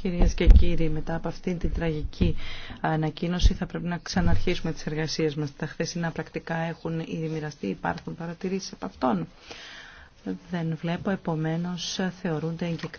Κυρίες και κύριοι, μετά από αυτήν την τραγική ανακοίνωση θα πρέπει να ξαναρχίσουμε τις εργασίες μας. Τα χθεσινά πρακτικά έχουν ήδη μοιραστεί, υπάρχουν παρατηρήσεις από αυτόν. Δεν βλέπω, επομένως θεωρούνται εγκεκριμένοι.